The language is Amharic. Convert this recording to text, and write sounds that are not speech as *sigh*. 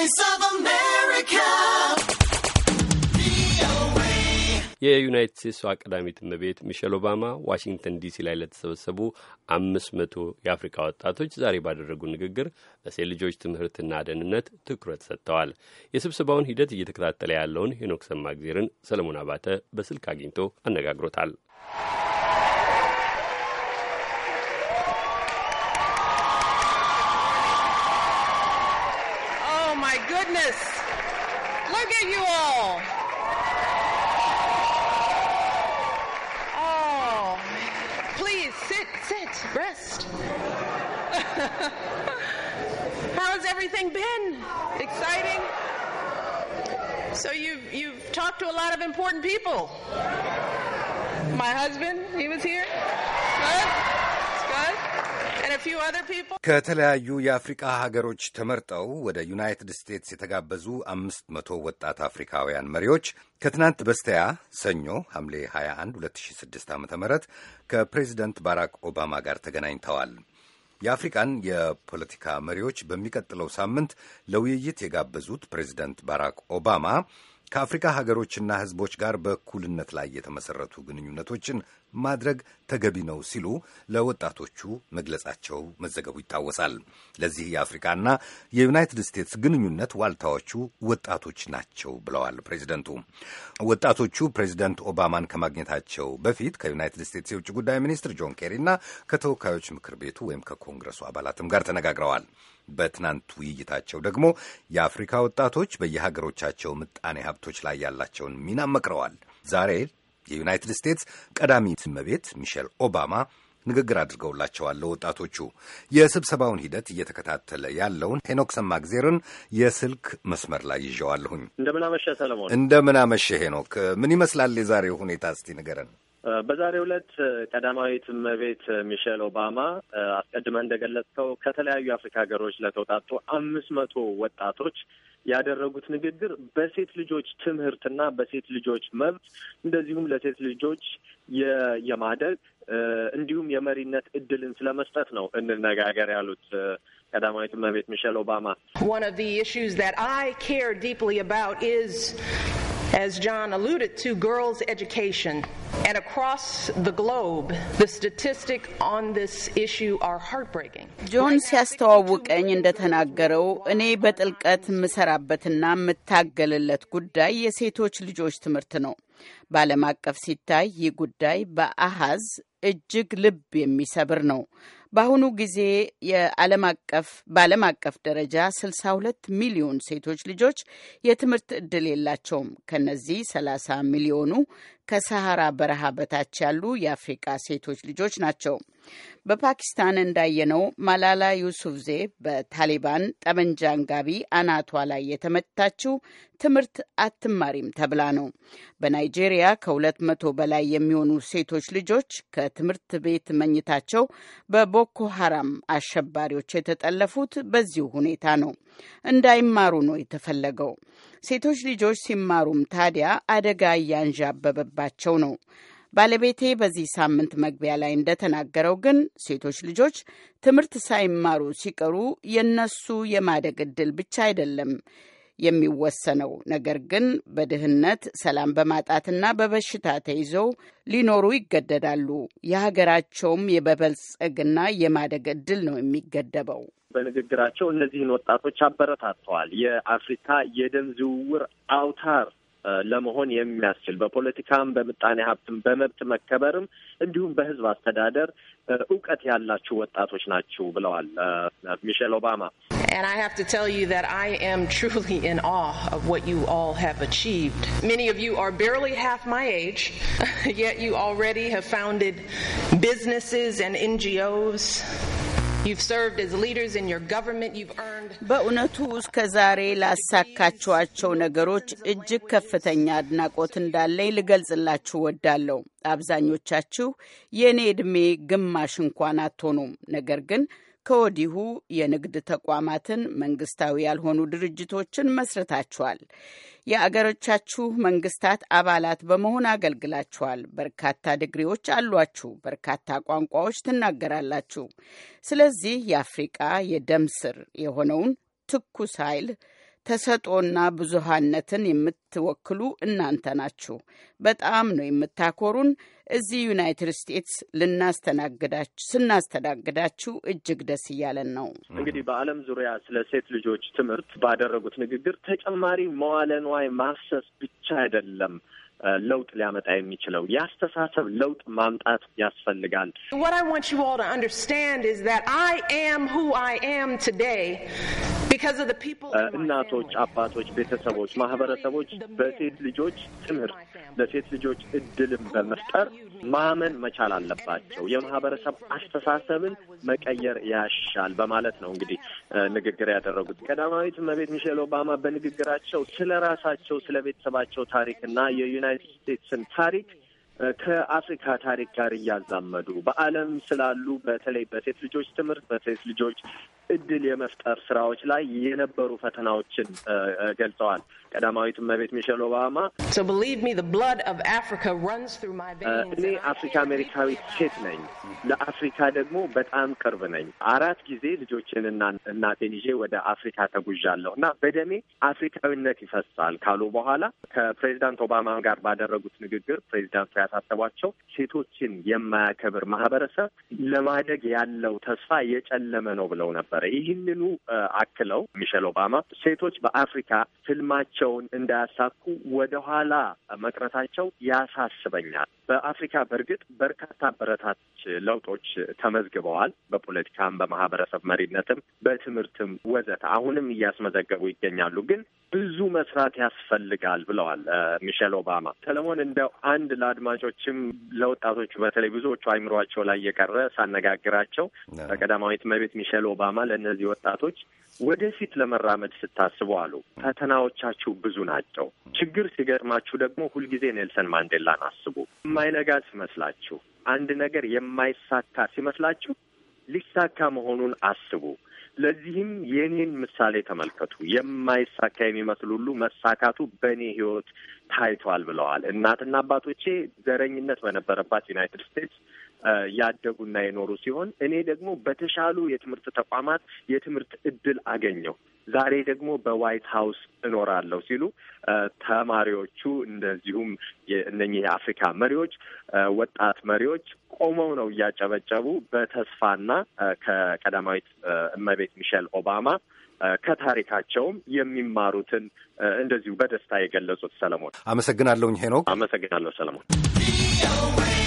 Voice of America. የዩናይትድ ስቴትስ ቀዳማዊት እመቤት ኦባማ ዋሽንግተን ዲሲ ላይ ለተሰበሰቡ አምስት መቶ የአፍሪካ ወጣቶች ዛሬ ባደረጉ ንግግር ለሴት ልጆች ትምህርትና ደህንነት ትኩረት ሰጥተዋል። የስብሰባውን ሂደት እየተከታተለ ያለውን ሄኖክ ሰማግዜርን ሰለሞን አባተ በስልክ አግኝቶ አነጋግሮታል። goodness. Look at you all. Oh, please sit, sit, rest. *laughs* How's everything been? Exciting? So you've, you've talked to a lot of important people. My husband, he was here. ከተለያዩ የአፍሪቃ ሀገሮች ተመርጠው ወደ ዩናይትድ ስቴትስ የተጋበዙ አምስት መቶ ወጣት አፍሪካውያን መሪዎች ከትናንት በስተያ ሰኞ ሐምሌ 21 2006 ዓ ም ከፕሬዚደንት ባራክ ኦባማ ጋር ተገናኝተዋል። የአፍሪቃን የፖለቲካ መሪዎች በሚቀጥለው ሳምንት ለውይይት የጋበዙት ፕሬዚደንት ባራክ ኦባማ ከአፍሪካ ሀገሮችና ህዝቦች ጋር በእኩልነት ላይ የተመሠረቱ ግንኙነቶችን ማድረግ ተገቢ ነው ሲሉ ለወጣቶቹ መግለጻቸው መዘገቡ ይታወሳል። ለዚህ የአፍሪካና የዩናይትድ ስቴትስ ግንኙነት ዋልታዎቹ ወጣቶች ናቸው ብለዋል ፕሬዚደንቱ። ወጣቶቹ ፕሬዚደንት ኦባማን ከማግኘታቸው በፊት ከዩናይትድ ስቴትስ የውጭ ጉዳይ ሚኒስትር ጆን ኬሪ እና ከተወካዮች ምክር ቤቱ ወይም ከኮንግረሱ አባላትም ጋር ተነጋግረዋል። በትናንት ውይይታቸው ደግሞ የአፍሪካ ወጣቶች በየሀገሮቻቸው ምጣኔ ሀብቶች ላይ ያላቸውን ሚና መክረዋል። ዛሬ የዩናይትድ ስቴትስ ቀዳሚ እመቤት ሚሼል ኦባማ ንግግር አድርገውላቸዋል ለወጣቶቹ። የስብሰባውን ሂደት እየተከታተለ ያለውን ሄኖክ ሰማግዜርን የስልክ መስመር ላይ ይዣዋለሁኝ። እንደምናመሸ ሰለሞን። እንደምናመሸ ሄኖክ። ምን ይመስላል የዛሬው ሁኔታ? እስቲ ንገረን። በዛሬው ዕለት ቀዳማዊት እመቤት ሚሼል ኦባማ አስቀድመህ እንደገለጽከው ከተለያዩ የአፍሪካ ሀገሮች ለተውጣጡ አምስት መቶ ወጣቶች ያደረጉት ንግግር በሴት ልጆች ትምህርትና በሴት ልጆች መብት እንደዚሁም ለሴት ልጆች የማደግ እንዲሁም የመሪነት እድልን ስለመስጠት ነው እንነጋገር ያሉት ቀዳማዊት እመቤት ሚሼል ኦባማ As John alluded to, girls' education. And across the globe, the statistics on this issue are heartbreaking. John ሲያስተዋውቀኝ እንደተናገረው i በጥልቀት የምሰራበትና የምታገልለት ጉዳይ የሴቶች ልጆች ትምህርት ነው። በዓለም አቀፍ ሲታይ ይህ ጉዳይ በአሃዝ እጅግ ልብ የሚሰብር ነው። በአሁኑ ጊዜ የዓለም አቀፍ በዓለም አቀፍ ደረጃ 62 ሚሊዮን ሴቶች ልጆች የትምህርት ዕድል የላቸውም። ከነዚህ 30 ሚሊዮኑ ከሰሃራ በረሃ በታች ያሉ የአፍሪቃ ሴቶች ልጆች ናቸው። በፓኪስታን እንዳየነው ማላላ ዩሱፍዜ በታሊባን ጠመንጃ አንጋቢ አናቷ ላይ የተመታችው ትምህርት አትማሪም ተብላ ነው። በናይጄሪያ ከሁለት መቶ በላይ የሚሆኑ ሴቶች ልጆች ከትምህርት ቤት መኝታቸው በቦኮ ሀራም አሸባሪዎች የተጠለፉት በዚሁ ሁኔታ ነው። እንዳይማሩ ነው የተፈለገው። ሴቶች ልጆች ሲማሩም ታዲያ አደጋ እያንዣበበባቸው ነው። ባለቤቴ በዚህ ሳምንት መግቢያ ላይ እንደተናገረው ግን ሴቶች ልጆች ትምህርት ሳይማሩ ሲቀሩ የነሱ የማደግ ዕድል ብቻ አይደለም የሚወሰነው ነገር ግን በድህነት ሰላም በማጣትና በበሽታ ተይዘው ሊኖሩ ይገደዳሉ። የሀገራቸውም የበበልጽግና የማደግ ዕድል ነው የሚገደበው። በንግግራቸው እነዚህን ወጣቶች አበረታተዋል። የአፍሪካ የደም ዝውውር አውታር ለመሆን የሚያስችል በፖለቲካም በምጣኔ ሀብትም በመብት መከበርም እንዲሁም በህዝብ አስተዳደር እውቀት ያላችሁ ወጣቶች ናችሁ ብለዋል ሚሼል ኦባማ። And I have to tell you that I am truly in awe of what you all have achieved. Many of you are barely half my age, yet you already have founded businesses and NGOs. በእውነቱ እስከ ዛሬ ላሳካችኋቸው ነገሮች እጅግ ከፍተኛ አድናቆት እንዳለኝ ልገልጽላችሁ ወዳለሁ። አብዛኞቻችሁ የእኔ ዕድሜ ግማሽ እንኳን አትሆኑም። ነገር ግን ከወዲሁ የንግድ ተቋማትን፣ መንግስታዊ ያልሆኑ ድርጅቶችን መስርታችኋል። የአገሮቻችሁ መንግስታት አባላት በመሆን አገልግላችኋል። በርካታ ድግሪዎች አሏችሁ። በርካታ ቋንቋዎች ትናገራላችሁ። ስለዚህ የአፍሪቃ የደም ስር የሆነውን ትኩስ ኃይል ተሰጦና ብዙሃነትን የምትወክሉ እናንተ ናችሁ። በጣም ነው የምታኮሩን። እዚህ ዩናይትድ ስቴትስ ልናስተናግዳችሁ ስናስተናግዳችሁ እጅግ ደስ እያለን ነው። እንግዲህ በዓለም ዙሪያ ስለ ሴት ልጆች ትምህርት ባደረጉት ንግግር ተጨማሪ መዋለ ንዋይ ማፍሰስ ብቻ አይደለም ለውጥ ሊያመጣ የሚችለው የአስተሳሰብ ለውጥ ማምጣት ያስፈልጋል። What I want you all to understand is that I am who I am today እናቶች፣ አባቶች፣ ቤተሰቦች፣ ማህበረሰቦች በሴት ልጆች ትምህርት ለሴት ልጆች እድልን በመፍጠር ማመን መቻል አለባቸው። የማህበረሰብ አስተሳሰብን መቀየር ያሻል በማለት ነው እንግዲህ ንግግር ያደረጉት ቀዳማዊት እመቤት ሚሼል ኦባማ በንግግራቸው ስለ ራሳቸው ስለ ቤተሰባቸው ታሪክና የዩናይትድ ስቴትስን ታሪክ ከአፍሪካ ታሪክ ጋር እያዛመዱ በዓለም ስላሉ በተለይ በሴት ልጆች ትምህርት በሴት ልጆች እድል የመፍጠር ስራዎች ላይ የነበሩ ፈተናዎችን ገልጸዋል። ቀዳማዊት እመቤት ሚሸል ኦባማ እኔ አፍሪካ አሜሪካዊት ሴት ነኝ፣ ለአፍሪካ ደግሞ በጣም ቅርብ ነኝ። አራት ጊዜ ልጆችን እናቴን ይዤ ወደ አፍሪካ ተጉዣለሁ እና በደሜ አፍሪካዊነት ይፈሳል ካሉ በኋላ ከፕሬዚዳንት ኦባማ ጋር ባደረጉት ንግግር ፕሬዚዳንቱ ያሳሰቧቸው ሴቶችን የማያከብር ማህበረሰብ ለማደግ ያለው ተስፋ የጨለመ ነው ብለው ነበረ። ይህንኑ አክለው ሚሸል ኦባማ ሴቶች በአፍሪካ ህልማቸውን እንዳያሳኩ ወደኋላ መቅረታቸው ያሳስበኛል። በአፍሪካ በእርግጥ በርካታ በረታች ለውጦች ተመዝግበዋል። በፖለቲካም፣ በማህበረሰብ መሪነትም፣ በትምህርትም ወዘተ አሁንም እያስመዘገቡ ይገኛሉ። ግን ብዙ መስራት ያስፈልጋል ብለዋል ሚሸል ኦባማ። ሰለሞን እንደው አንድ ለአድማ አድማጮችም ለወጣቶቹ በተለይ ብዙዎቹ አይምሯቸው ላይ የቀረ ሳነጋግራቸው በቀዳማዊት እመቤት ሚሼል ኦባማ ለእነዚህ ወጣቶች ወደፊት ለመራመድ ስታስቡ አሉ ፈተናዎቻችሁ ብዙ ናቸው። ችግር ሲገጥማችሁ ደግሞ ሁልጊዜ ኔልሰን ማንዴላን አስቡ። የማይነጋ ሲመስላችሁ፣ አንድ ነገር የማይሳካ ሲመስላችሁ ሊሳካ መሆኑን አስቡ። ለዚህም የኔን ምሳሌ ተመልከቱ። የማይሳካ የሚመስል ሁሉ መሳካቱ በእኔ ህይወት ታይቷል ብለዋል። እናትና አባቶቼ ዘረኝነት በነበረባት ዩናይትድ ስቴትስ ያደጉና የኖሩ ሲሆን እኔ ደግሞ በተሻሉ የትምህርት ተቋማት የትምህርት እድል አገኘሁ። ዛሬ ደግሞ በዋይት ሀውስ እኖራለሁ ሲሉ ተማሪዎቹ እንደዚሁም እነኚህ የአፍሪካ መሪዎች፣ ወጣት መሪዎች ቆመው ነው እያጨበጨቡ በተስፋና ከቀዳማዊት እመቤት ሚሸል ኦባማ ከታሪካቸውም የሚማሩትን እንደዚሁ በደስታ የገለጹት። ሰለሞን አመሰግናለሁኝ። ሄኖክ አመሰግናለሁ ሰለሞን።